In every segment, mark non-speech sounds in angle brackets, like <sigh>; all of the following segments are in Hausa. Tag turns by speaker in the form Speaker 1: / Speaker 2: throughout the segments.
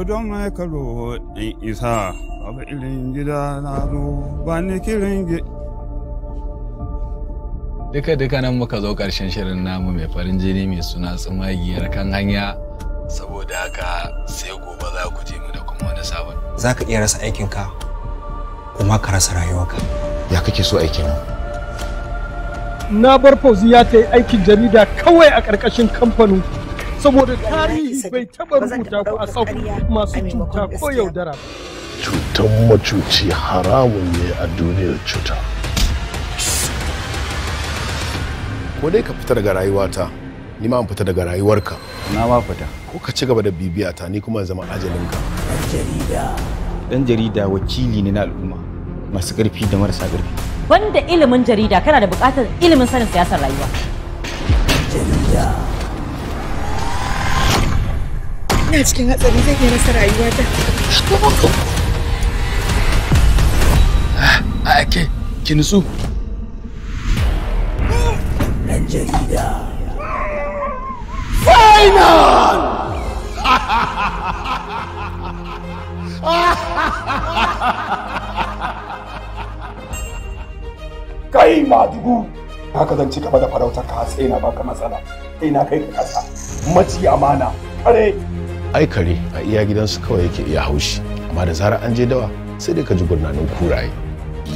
Speaker 1: don mai kalo in isa abu irin gida na zo ba ni kirin
Speaker 2: duka duka nan muka zo karshen shirin namu mai farin jini mai suna tsumagiyar kan hanya saboda haka sai gobe za ku je mu da kuma wani sabon
Speaker 3: za ka iya rasa aikinka kuma ka rasa rayuwarka ya kake so aikin
Speaker 1: na bar fauzi ya ta yi aikin jarida kawai a ƙarƙashin kamfanin saboda tarihi bai taba rubuta ku a tsakon masu cuta ko yaudara cutan macuci haramun ne a duniyar cuta ko dai ka fita daga rayuwata ni ma fita daga rayuwarka na ma fita ko ka ci gaba da bibiya ta ni kuma zama ajalin ka jarida dan jarida
Speaker 2: wakili ne na al'umma masu karfi da marasa ƙarfi
Speaker 4: Wanda ilimin jarida kana da bukatar
Speaker 5: ilimin sanin siyasar rayuwa jarida
Speaker 4: ina cikin hatsari yi nasa rayuwa rayuwata a ah,
Speaker 1: ake ki nutsu ɗan jarida final kai madugu haka zan cika gaba da farautar ka tsena baka matsala Ina na kai ka kasa maci amana kare aikare kare a iya gidansu kawai yake iya haushi amma da zarar an je dawa sai dai ka ji gurnanin kuraye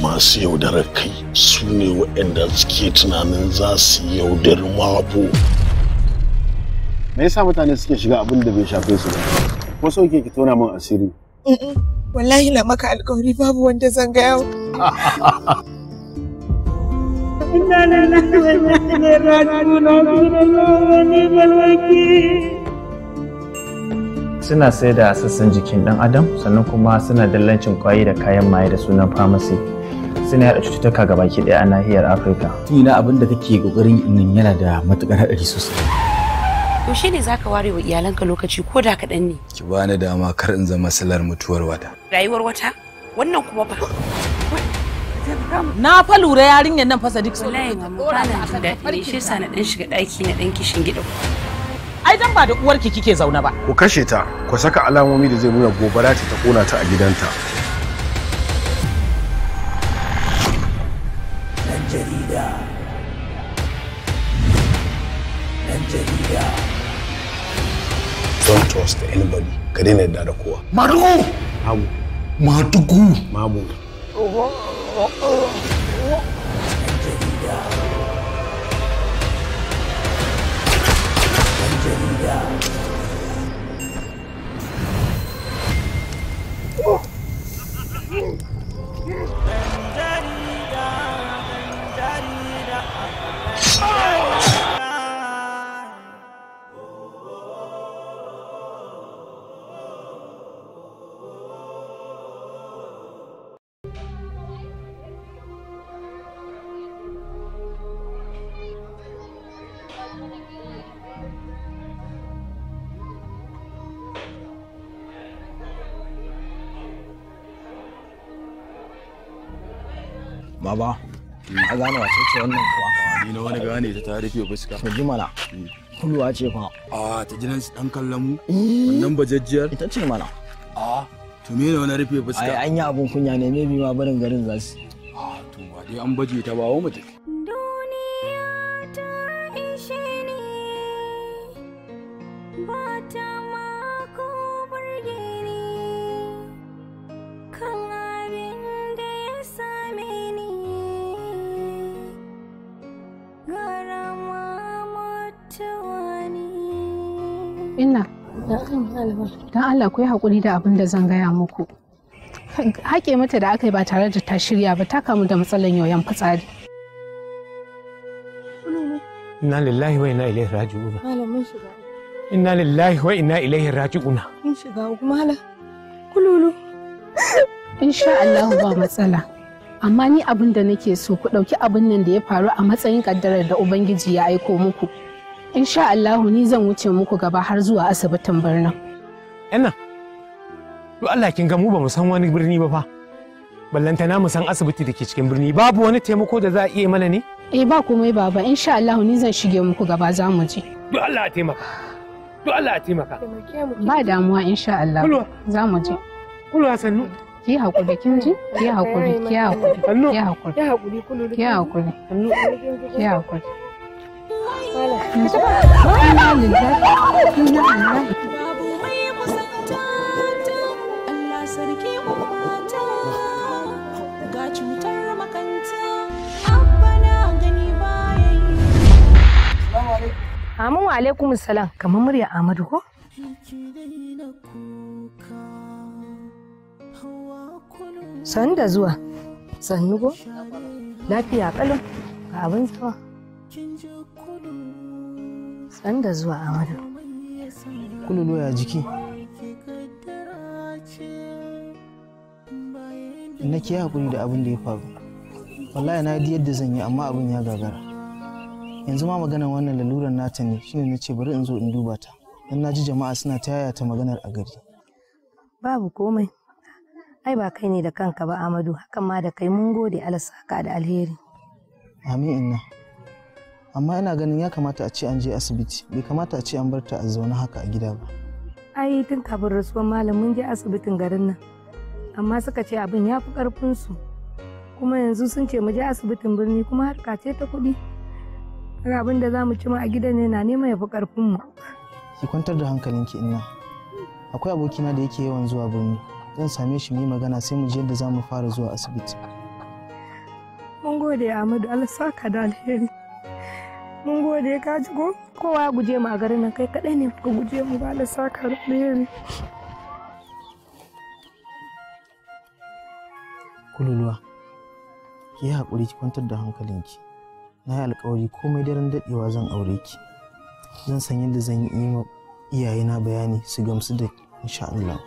Speaker 1: masu yaudarar kai su ne waɗanda suke tunanin za su yaudar mabu. me yasa mutane suke shiga abin da bai shafe su ba ko so ke tona min asiri
Speaker 4: wallahi na maka alkawari babu wanda zan ga yau inna lillahi wa inna ilaihi raji'un
Speaker 3: suna sai da sassan jikin dan adam sannan kuma suna dallancin kwayi da kayan maye da sunan pharmacy suna yada cututtuka ga baki daya a nahiyar afirka tunina abin da kake kokarin nan yana da matukar hadari sosai
Speaker 5: yaushe ne zaka ware wa iyalanka lokaci ko da kaɗan ne
Speaker 2: ki bani dama kar in zama salar mutuwar wata
Speaker 5: rayuwar wata wannan kuma ba na fa lura yarinyar nan fa duk wallahi mamma ta nan da shi sa na dan shiga daki na dan kishin gida ai dan ba da uwarki kike zaune ba
Speaker 1: ku kashe ta ku saka alamomi da zai nuna gobara ta kona ta a gidanta dan jarida dan jarida don't trust anybody ka daina yadda da kowa madugu mamu madugu
Speaker 3: ka gane wace ce wannan kuwa ni na wani gane ta ta ba fuska ka ji mana hmm. kulwa ce fa a ta jinan su dan
Speaker 2: kallon mu eh. wannan bajajjiyar ita ce mana a to me ne wani rufe fuska ai an yi abun
Speaker 3: kunya ne me bi ma barin garin zasu a to ba dai an baje ta ba wa mutum
Speaker 5: don Allah ku yi haƙuri da abin da zan gaya muku haƙe mata da aka yi ba tare da ta shirya ba ta kamu da matsalar yoyon fitsari
Speaker 1: inna lillahi wa inna ilaihi raji'un
Speaker 4: malamin shiga
Speaker 1: inna lillahi
Speaker 2: wa inna ilaihi raji'un
Speaker 4: mun shiga kuma kululu
Speaker 5: insha Allah ba matsala amma ni abin da nake so ku ɗauki abin nan da ya faru a matsayin kaddarar da ubangiji ya aiko muku insha Allah ni zan wuce muku gaba har zuwa asibitin birnin
Speaker 1: Yan nan, duk Allah kin ga mu ba mu san wani birni ba fa. Ballanta na mu san asibiti da ke cikin birni babu wani taimako da za a iya mana ne?
Speaker 5: Eh ba komai baba insha Allah ni zan shige muku gaba za mu je.
Speaker 1: Duk Allah ya taimaka. Duk Allah ya taimaka.
Speaker 5: Ba damuwa insha Allah. Za mu je. Kulwa sannu. ki hakuri kin ji ki hakuri ki hakuri ki hakuri ki hakuri ki hakuri ki hakuri Amin wa alaikum salam kamar murya Ahmadu ko? Sannu da zuwa, sannu ko? Lafiya kalin ga abin zuwa. Sannu da zuwa Ahmadu. Kululu ya jiki.
Speaker 3: Na ke haƙuri da abin da ya faru. Wallahi na yadda zan yi amma abin ya gagara. yanzu ma maganar wannan lalurar nata ne shine na ce bari in zo in duba ta dan na ji jama'a suna ta yaya ta maganar a gari
Speaker 5: babu komai ai ba kai ne da kanka ba amadu hakan ma da kai mun gode alasaka da alheri amin inna
Speaker 3: amma ina ganin ya kamata a ce an je asibiti bai kamata a ce an bar ta a zaune haka a gida ba
Speaker 5: ai tun kafin rasuwar malam mun je asibitin garin nan amma suka ce abin ya fi karfin su kuma yanzu sun ce mu je asibitin birni kuma harka ce ta kuɗi kaga abin da mu ci ma a gidan ne na neman ya fi karfin mu
Speaker 3: ki kwantar da hankalinki inna akwai abokina da yake yawan zuwa birni zan same shi mu yi magana sai mu je yadda za mu fara zuwa asibiti
Speaker 4: mun gode amadu Allah saka da alheri
Speaker 5: mun gode ka ji ko kowa ya guje mu a garin nan kai kadai ne ka guje mu ba Allah saka da alheri
Speaker 3: kululuwa ki yi haƙuri ki kwantar da hankalinki na yi alkawari komai daren daɗewa zan aure ki zan san yadda zan yi iyayena bayani su gamsu da insha Allah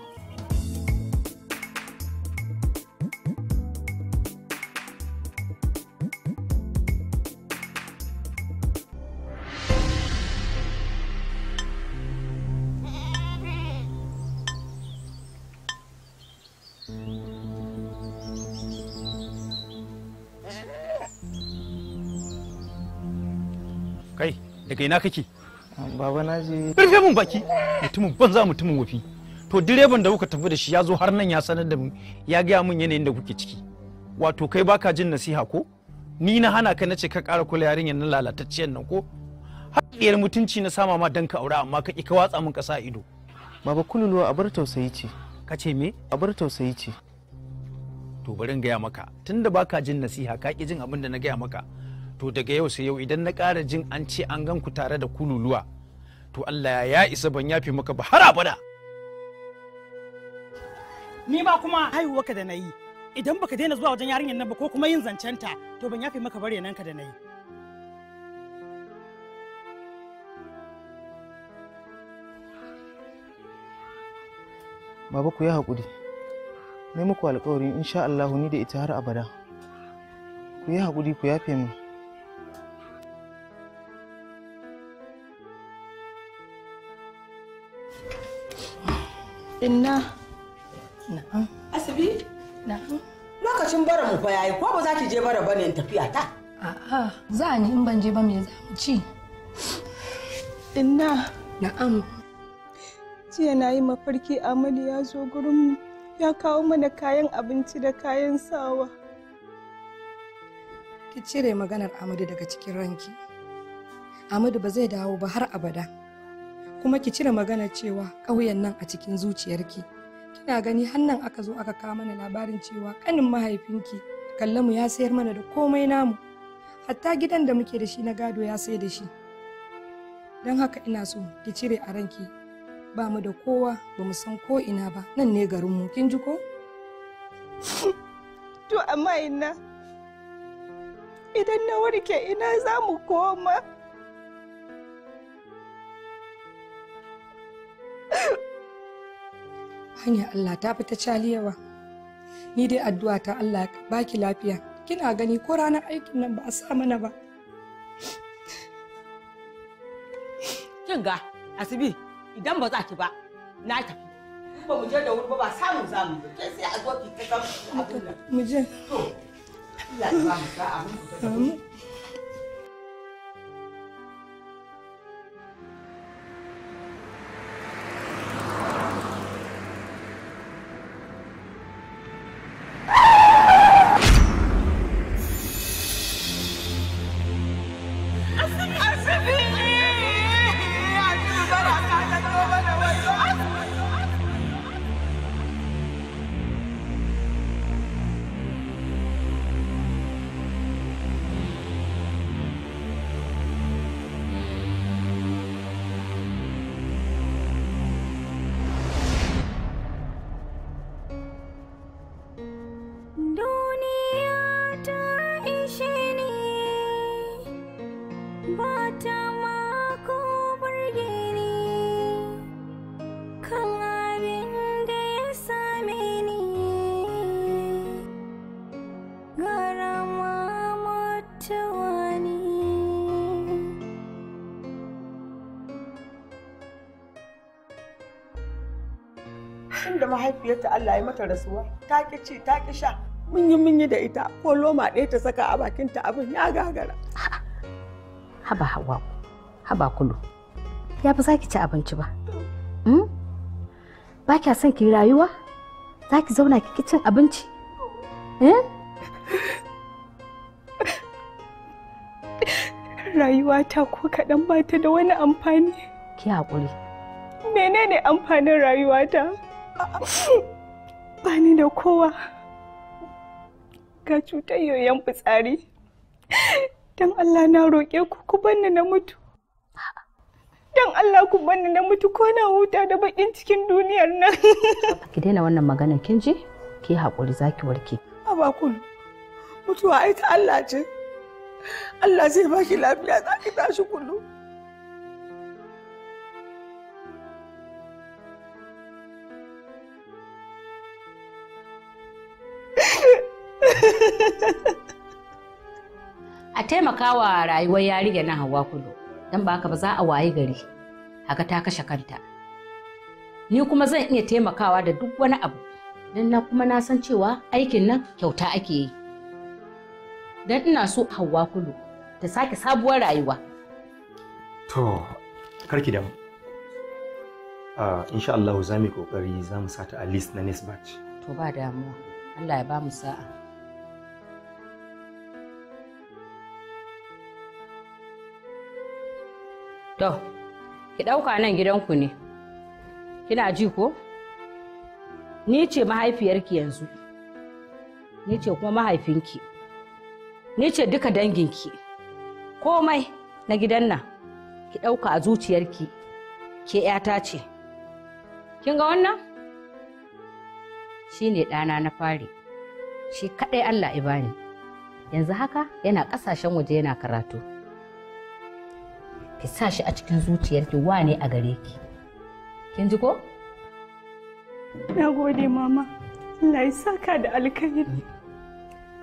Speaker 1: daga ina kake baba na je karfe mun baki mutumin banza mutumin wafi to direban da kuka tafi da shi ya zo har nan ya sanar da mu ya gaya mun yanayin da kuke ciki wato kai baka jin nasiha ko ni na hana ka nace ka ƙara kula yarinyar nan lalatacciyar nan ko haɗiyar mutunci na sama ma dan ka aura amma ka ki ka watsa mun ƙasa ido baba kululuwa a bar tausayi ce ka ce me a bar tausayi ce to bari in gaya maka tunda baka jin nasiha ka ki jin abin da na gaya maka to daga yau sai yau idan na ƙara jin an ce an gan ku tare da kululuwa to Allah ya isa ban yafe maka ba har abada
Speaker 4: ni ba kuma haihuwa ka da na yi idan baka daina zuwa wajen yarinyar nan ba ko kuma yin zancenta to ban yafe maka bare nan ka da na yi
Speaker 3: Baba ku ya haƙuri, ne muku alƙawarin insha Allahu ni da ita har abada. Ku yi haƙuri ku yafe mu.
Speaker 4: Inna. Na'am. Asibi? Na'am. Lokacin bara mu fa yayi, ko ba za ki je bara bane in tafiya ta? A'a, za ni in ban je ba me za mu ci? Inna. Na'am. Jiya na yi mafarki Amadu ya zo mu ya kawo mana kayan abinci da kayan sawa. Ki cire maganar Amadu daga cikin ranki. Amadu ba zai dawo ba har abada. kuma ki cire magana cewa ƙauyen nan a cikin zuciyarki kina gani hannan aka zo aka kawo mana labarin cewa kanin mahaifinki Kalle mu ya sayar mana da komai namu hatta gidan da muke da shi na gado ya sayar da shi don haka ina so ki cire a ranki ba mu da kowa ba mu san ko ina ba nan ne garinmu kin ji ko <laughs> to amma ina idan na warke ina za mu koma hanyar Allah ta fi ta caliyawa ni dai addu'a ta Allah baki lafiya kina gani ko ranar aikin nan ba a sa mana ba
Speaker 5: kin ga asibi idan ba za ki ba na tafi ba mu je da wuri ba ba samu zamu ba ke sai a zo ki ta zama
Speaker 4: abin da. mu je to Allah ya ba mu sa'a mu mahaifiyarta Allah ya mata rasuwa ta ki ci ta ki sha
Speaker 1: mun yi mun yi da ita ko loma ɗaya ta saka a bakin ta abin ya gagara
Speaker 5: haba hawa haba kulu ya ba za ki ci abinci ba hmm? ba kya son ki rayuwa za ki zauna ki cin abinci
Speaker 4: eh? rayuwa ta ko kaɗan ba ta da wani amfani ki haƙuri menene amfanin rayuwa ta <laughs> ba ni da kowa ga cutar yoyon fitsari don Allah na roƙe ku ku banni na mutu don Allah ku banni na mutu ko na huta da bakin cikin duniyar nan
Speaker 5: <laughs> ki daina wannan magana kin ji ki haƙuri zaki warke
Speaker 4: aba kun mutuwa ai ta Allah ce Allah zai baki lafiya zaki tashi kullu
Speaker 5: taimaka wa rayuwar yarinya na hawa kudu don ba haka ba za a wayi gari haka ta kashe kanta ni kuma zan iya taimakawa da duk wani abu don na kuma na san cewa aikin nan kyauta ake yi don ina so hawa kudu ta sake sabuwar rayuwa
Speaker 1: to karki damu a ah, insha Allah za mu yi kokari za mu sata a list na next
Speaker 5: To ba damuwa. Allah ya ba mu sa'a. to ki ɗauka nan gidanku ne kina ji ko ni ce mahaifiyarki yanzu ni ce kuma mahaifinki ni ce duka danginki komai na gidan nan ki ɗauka a zuciyarki ke ‘yata ce kin ga wannan shi ne ɗana na fari shi kaɗai allah ibani yanzu haka yana ƙasashen waje yana karatu ki sa shi a cikin zuciyarki wane a gare ki kin ji ko na mama Allah ya saka da alkhairi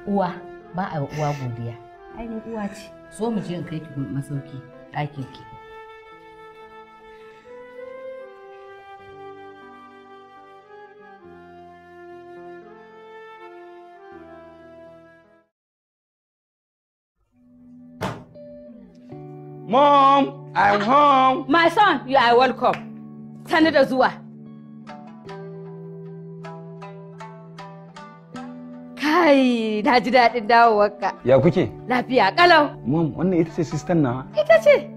Speaker 5: uwa ba a uwa godiya ai uwa ce zo mu je in kai ki masauki ɗakin ki Mom, I'm home. My son, you are welcome. Sani da zuwa. Kai, na ji daɗin dawowarka. Ya kuke? Lafiya kalau.
Speaker 1: Mom, wannan ita ce sistan nawa. Ita ce.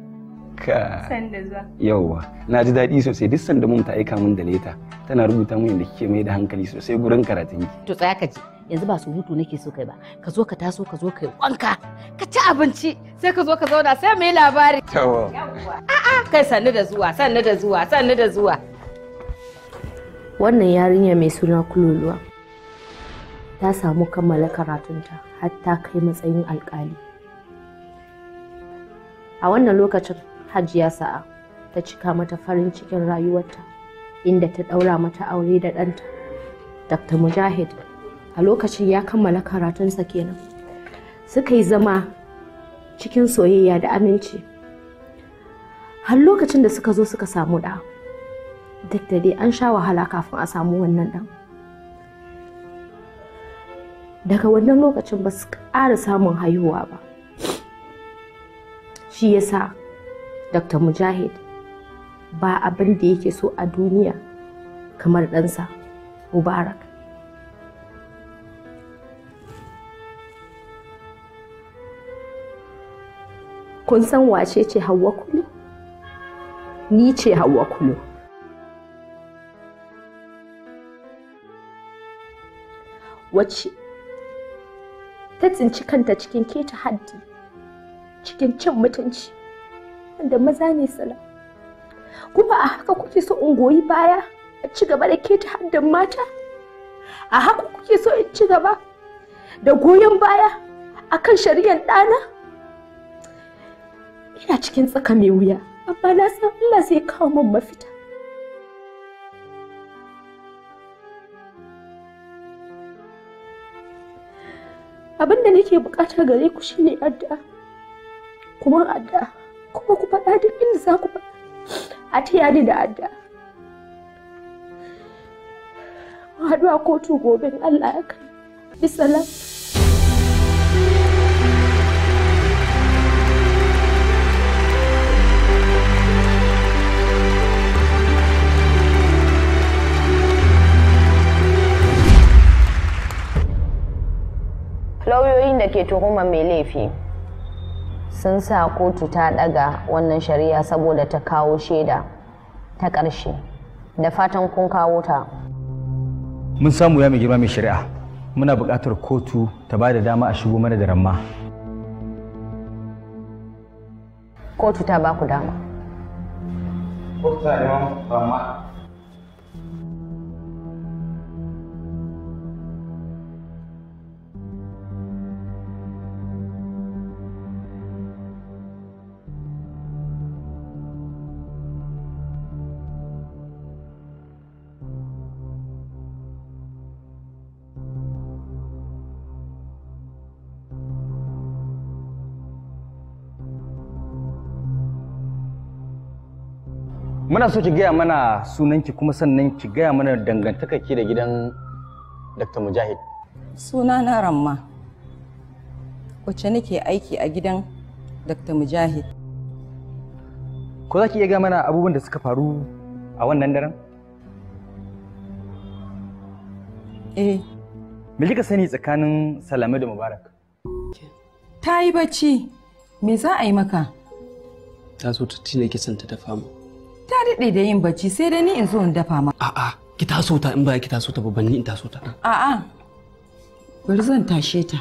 Speaker 1: Ka. San da zuwa. Yawwa, na ji daɗi sosai duk sanda mum ta aika min da leta. Tana rubuta mun yadda kike mai da hankali sosai gurin karatunki.
Speaker 5: To tsaya ka ji. yanzu ba surutu nake so kai ba ka zo ka taso ka zo kai wanka ka ci abinci sai ka zo ka zauna sai mu yi labari a'a kai sannu da zuwa sannu da zuwa sannu da zuwa wannan yarinya mai suna kululuwa ta samu kammala karatunta har ta kai matsayin alkali a wannan lokacin hajiya sa'a ta cika mata farin cikin rayuwarta inda ta ɗaura mata aure da ɗanta dr mujahid a lokacin ya kammala karatunsa kenan suka yi zama cikin soyayya da aminci har lokacin da suka zo suka samu ɗa duk da dai an sha wahala kafin a samu wannan ɗan daga wannan lokacin ba su ƙara samun haihuwa ba shi yasa dr mujahid ba abin da yake so a duniya kamar ɗansa mubarak kun san wace ce hawa kulu ni ce hawa kulu wacce ta tsinci kanta cikin keta haddi cikin cin mutunci Wanda maza ne sala kuma a haka kuke so in goyi baya a ci gaba da keta haddin mata a haka kuke so in ci gaba da goyon baya akan shari'ar ɗana ina cikin tsaka mai wuya amma na san Allah zai kawo min mafita abin da nake bukata gare ku shine addu'a kuma addu'a kuma ku faɗa duk inda za ku faɗa a taya ni da addu'a mu haɗu a kotu gobe Allah ya kai bisalam lauyoyin da ke tuhuma mai laifi sun sa kotu ta daga wannan shari'a saboda ta kawo shaida ta ƙarshe da fatan kun kawo ta
Speaker 1: mun samu ya mai girma mai shari'a muna buƙatar
Speaker 2: kotu ta ba da dama a shigo mana da ramma
Speaker 5: kotu ta ba ku dama
Speaker 4: muna so ki gaya mana sunanki kuma sannan ki gaya mana dangantakarki da gidan Dr. Mujahid. Suna na Ramma, wacce nake aiki a gidan Dr. Mujahid. Ko za ki iya gaya mana abubuwan da suka faru a wannan daren? Eh. Me kika sani
Speaker 1: tsakanin Salame da Mubarak?
Speaker 4: Ta yi bacci, me za a yi maka?
Speaker 1: Ta zo ta tina kisan ta ta fama.
Speaker 4: Ta daɗe da yin bacci sai dai ni in zo in dafa ma. A'a,
Speaker 1: ki taso ta in ba ki taso ta babban ni in taso ta.
Speaker 4: A'a. Bari zan tashe ta.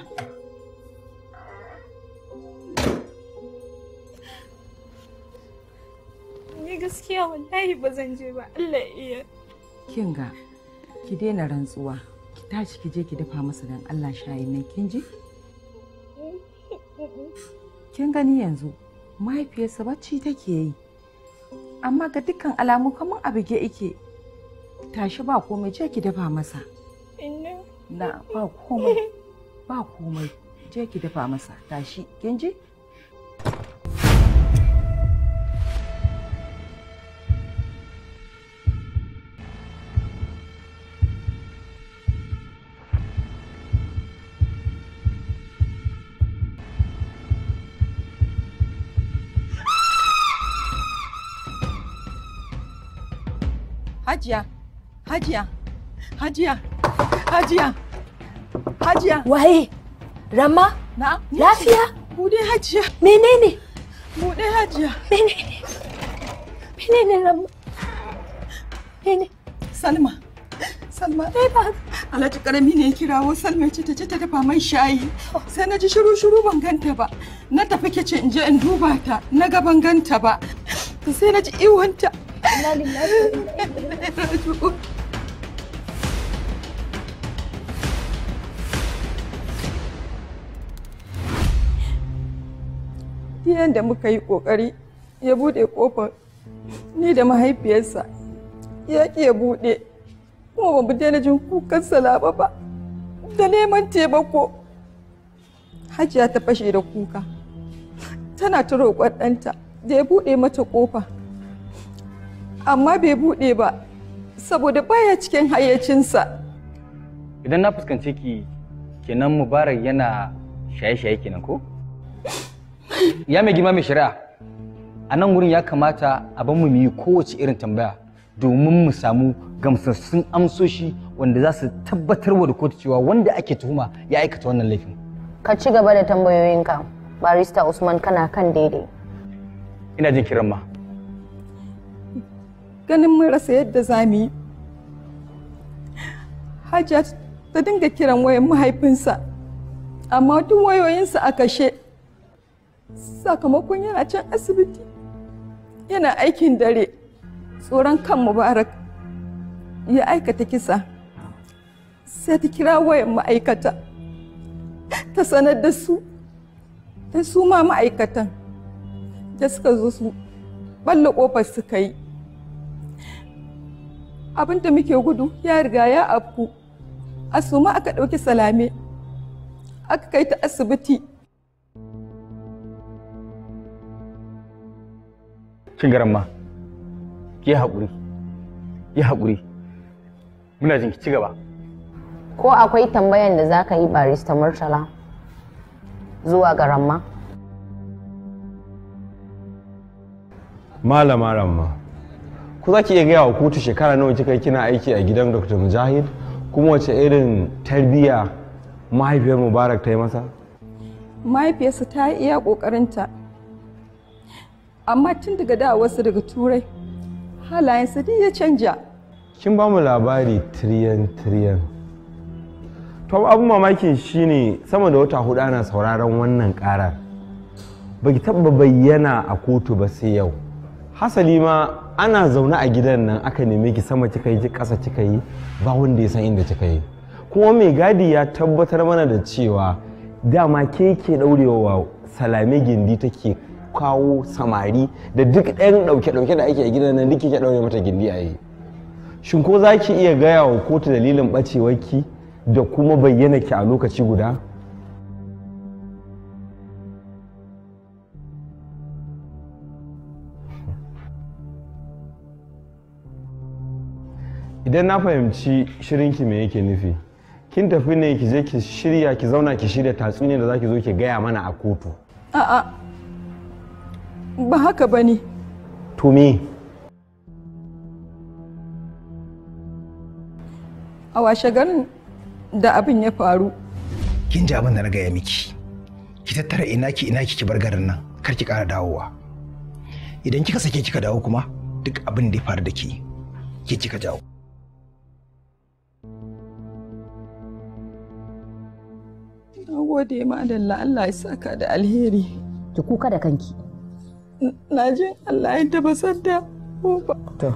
Speaker 4: Ni gaskiya wallahi ba zan je ba Allah iya. Kin ga ki daina rantsuwa. Ki tashi ki je ki dafa masa dan Allah shayi nan kin ji?
Speaker 5: <laughs>
Speaker 4: Kin gani yanzu mahaifiyarsa bacci take yi. amma ga dukkan alamu kamar a bige ike tashi ba komai je ki dafa masa na ba komai ba komai je ki dafa masa tashi kin ji Hajiya, Hajiya, Hajiya, Hajiya, Hajiya. Waye? Rama? Na? Lafiya? Bude Hajiya. Menene? Bude Hajiya. Menene? Menene Rama? Menene? Salma. Salma. Eh ba. Alhaji Karami ne ya kirawo Salma ce ta ce ta dafa mai shayi. Sai na ji shiru shiru ban ganta ba. Na tafi kicin in je in duba ta. Na ga ban ganta ba. Sai na ji iwanta. inna da muka yi ƙoƙari ya buɗe ƙofar ni da mahaifiyarsa ya ƙi ya buɗe kuma ba mu daina jin kukan salaba ba da neman taimako hajiya ta fashe da kuka tana ta roƙon ɗanta da ya buɗe mata ƙofa amma bai buɗe ba saboda baya cikin hayyacinsa idan na fuskance ki kenan mubarak yana shaye-shaye kenan ko ya mai girma mai shari'a
Speaker 1: a nan wurin ya kamata a ban mu yi kowace irin tambaya domin mu samu gamsassun amsoshi wanda za su tabbatar wa da kotu cewa wanda ake tuhuma
Speaker 5: ya
Speaker 2: aikata wannan laifin
Speaker 5: ka ci gaba da tambayoyinka barista usman kana kan daidai
Speaker 2: ina jin kiran ma
Speaker 4: ganin mun rasa yadda za mu yi hajjat ta dinga kiran wayan mahaifinsa amma duk wayoyinsa a kashe sakamakon yana can asibiti yana aikin dare tsoron kan mubarak ya aikata kisa sai ta kira wayan ma'aikata ta sanar da su da su ma ma'aikatan da suka zo su balla ƙofar suka yi abin da muke gudu ya riga ya afku asuma aka ɗauki salame aka kai ta asibiti
Speaker 2: kin garamma ki haƙuri ki haƙuri muna jin ki ci gaba
Speaker 5: ko akwai tambayan da za ka yi barista murtala zuwa garamma?
Speaker 2: malama ramma ko za ki iya gaya wa kotu shekara nawa kika kina aiki a gidan dr mujahid kuma wace irin tarbiyya mahaifiyar mubarak ta yi masa
Speaker 4: mahaifiyarsa ta iya ƙoƙarinta amma tun daga da wasu daga turai halayensa duk ya canja
Speaker 2: kin ba mu labari tiriyan tiriyan to abin mamakin shine sama da wata hudu ana sauraron wannan karar ba ki taɓa bayyana a kotu ba sai yau hasali ma ana zaune a gidan nan aka neme ki sama kika yi kasa kika yi ba wanda ya san inda kika yi kuma mai gadi ya tabbatar mana da cewa dama ke ke daurewa salame gindi take kawo samari da duk ɗan ɗauke-ɗauke da ake a gidan nan duk ke ɗaure mata gindi a yi shin ko za ki iya gaya wa kotu dalilin ɓacewarki da kuma bayyana ki a lokaci guda idan na fahimci shirinki me yake nufi kin tafi ne ki je ki shirya ki zauna ki shirya tatsuniyar da za ki zo ki gaya mana a kotu
Speaker 4: a'a ba haka ne. to me a washe garin da abin ya faru
Speaker 3: kin ji abin da na gaya miki ki tattara ina ki ina ki bar garin nan kar ki ƙara dawowa idan kika sake kika dawo kuma duk abin da ya faru da ke ke kika
Speaker 5: jawo
Speaker 4: gode madalla Allah ya saka da alheri. Ki kuka da kanki. Na je Allah ya tabbatar da ba. To.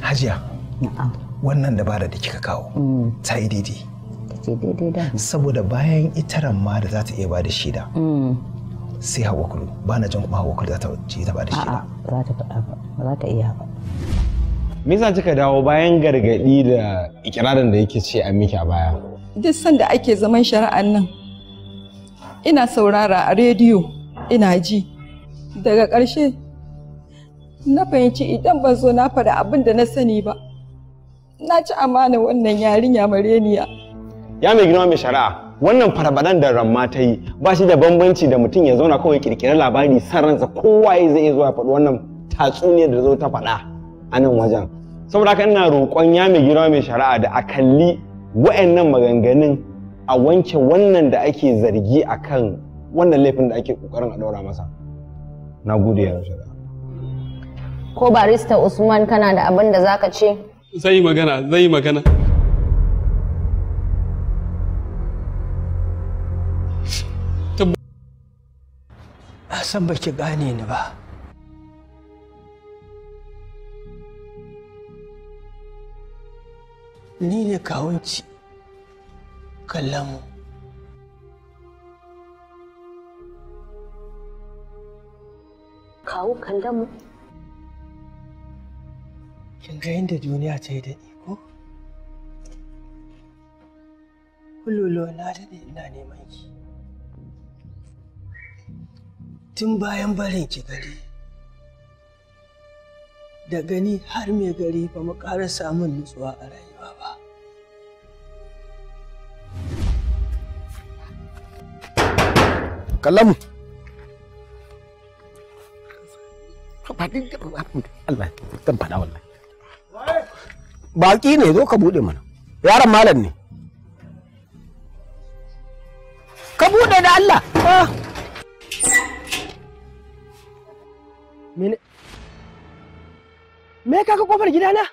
Speaker 3: Hajiya. Na'am. Wannan dabara da kika kawo. Mm. Ta yi daidai. Saboda bayan itaran ma da za ta iya ba da shida. Mm. sai hawa kullu ba na jin kuma hawa kullu za ta ce ta ba da shi ba
Speaker 5: za ta faɗa ba za
Speaker 3: ta iya ba
Speaker 2: me yasa kika dawo bayan gargadi da ikirarin da yake ce an miki a baya
Speaker 4: duk sanda ake zaman shari'an nan ina saurara a rediyo ina ji daga ƙarshe na fahimci idan ban zo na faɗa abin da na sani ba na ci amana wannan yarinya mareniya
Speaker 2: ya mai girma mai shari'a wannan farbaɗan da ramma ta yi ba shi da bambanci da mutum ya zauna kawai kirkirar labari saransa kowa ya zai zuwa faɗi wannan tatsuniyar da zo ta faɗa a nan wajen saboda haka ina roƙon ya mai girma mai shari'a da a kalli wa'annan maganganun a wanke wannan da ake zargi a kan wannan laifin da ake ƙoƙarin a ɗaura masa na gode ya shari'a
Speaker 5: ko barista usman kana da abin da zaka ce
Speaker 2: zai magana zai magana
Speaker 1: na san baki gane ni ba ni ne kawunci kallamu
Speaker 5: kawo kallamu
Speaker 1: kin ga inda duniya ta yi ni ko kululu na daɗe ina neman ki tun bayan barin ki gari da gani har mai gari ba mu ƙara samun nutsuwa a rayuwa ba kallamu Allah zan faɗa wallahi baƙi ne zo ka buɗe mana yaron malam ne Mene? Me ka ga kofar gidana?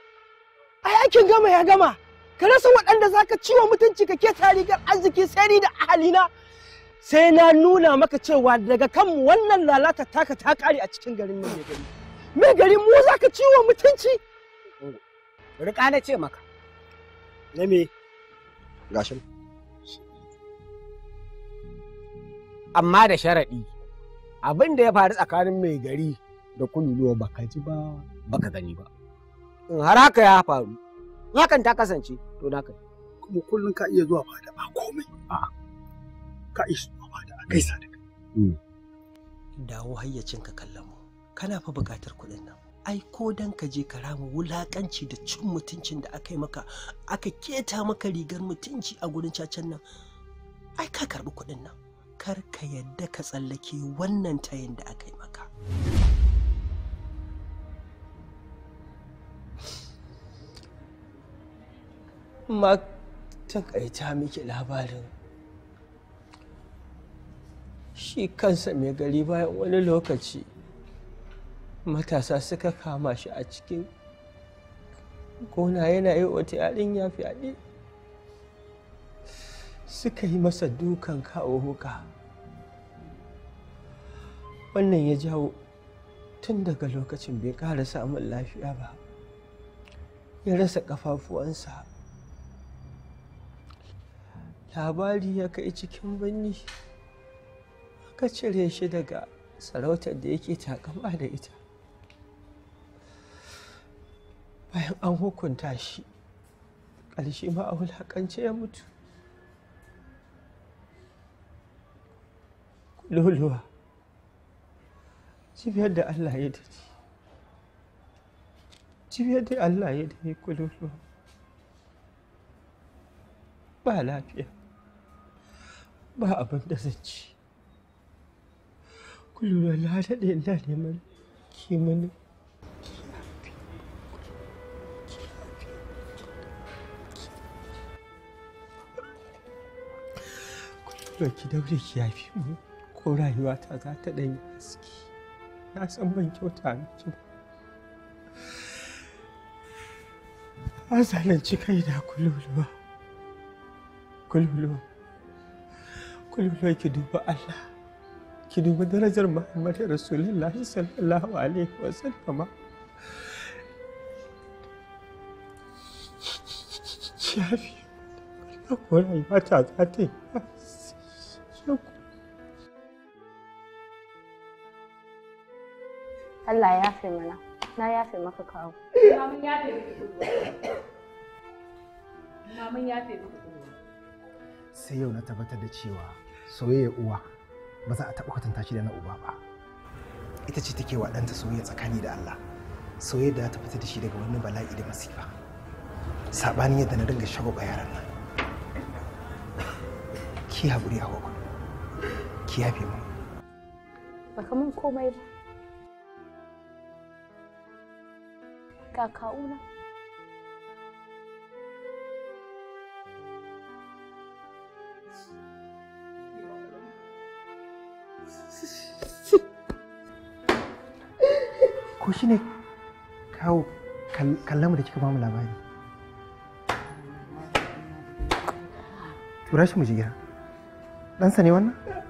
Speaker 1: Ai aikin gama ya gama. Ka rasa waɗanda za ka ciwo mutunci ka ke tarigar arziki sai ni da ahalina. Sai na nuna maka cewa daga kanmu wannan lalata taka ta kare a cikin garin nan mai gari. Mai gari mu za ka
Speaker 5: ciwo mutunci? Rika na ce maka. Na me? Gashi. Amma da
Speaker 1: sharaɗi, abin da ya faru tsakanin mai gari da kululuwa baka ji ba baka gani ba in har haka ya faru hakan ta kasance to kai kuma kullum ka iya zuwa fada ba komai a ka iya zuwa fada a sa da kai mm. dawo hayyacin ka kallon mu kana fa buƙatar kuɗin nan ai ko dan ka je ka rama wulakanci da cin mutuncin da aka yi maka aka keta maka rigar mutunci a gurin cacen nan ai ka karɓi kuɗin nan kar ka yadda ka tsallake wannan tayin da aka yi ma takaita miki labarin shi kansa mai gari bayan wani lokaci matasa suka kama shi a cikin gona yana yi wata ya fyaɗe suka yi masa dukan kawo huka wannan ya jawo tun daga lokacin bai ƙara samun lafiya ba ya rasa ƙafafuwansa labari ya kai cikin birni aka cire shi daga sarautar da yake takama da ita bayan an hukunta shi ƙarshe ma a wulaƙance ya mutu luluwa cibiyar da allah ya da ni cibiyar da allah ya da ni kululuwa ba lafiya ba abin da zan ci ku lura na daɗe ina neman ki mani Ba ki daure ki yafi mu ko rayuwata za ta ɗan haske. Na san ban kyauta miki ba. Na zalunci kai da kululuwa. Kululuwa. kulula ki duba Allah ki duba darajar Muhammad Rasulullah sallallahu alaihi wa sallama shafi ko yi ta za ta yi
Speaker 5: Allah ya fi mana na ya fi maka kawo mamun ya fi mamun ya fi
Speaker 3: sai yau na tabbatar da cewa soyayya uwa ba za a taɓa kwatanta shi da na uba ba ita ce take wa ɗanta soyayya tsakani da Allah soyayya da ta fita da shi daga wani bala'i da masifa saɓanin yadda na dinga shagwaba yaran nan ki haƙuri a hukun ki yafe mu
Speaker 5: ba kaman komai ba kakauna
Speaker 3: ko shine kawo kallamu da kika bamu labari turashi shi mu je gida ɗansa ne wannan